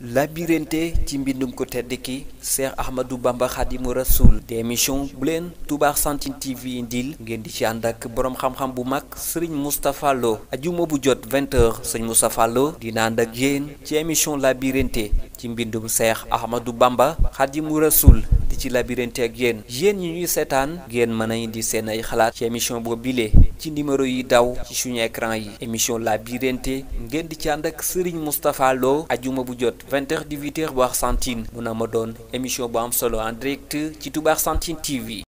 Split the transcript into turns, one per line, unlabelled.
labirante ci mbindum ko tedd ki Cheikh Ahmadou Bamba Khadimu Rasoul te émission bu leen Touba Argentine TV indil ngeen di ci ànd ak boroom xam-xam bu mag sëriñ Moustapha ajuma bu jot 20h sëriñ Moustapha Lo dina ànd ak yéen ci émission labirante ci mbindum Cheikh Ahmadou Bamba mu Rasoul ci labyrinthe ak yéen yéen ñi ñuy seetaan ngeen mën a indi seen ay xalaat ci émission boo bile ci numéro yi daw ci suñu écran yi émission labyrinthe ngeen di ci ànd ak Serigne Moustapha ajuma bu jot 20 di 8h bu Argentine mun na ma doon émission bu am solo en direct ci Touba Argentine
TV.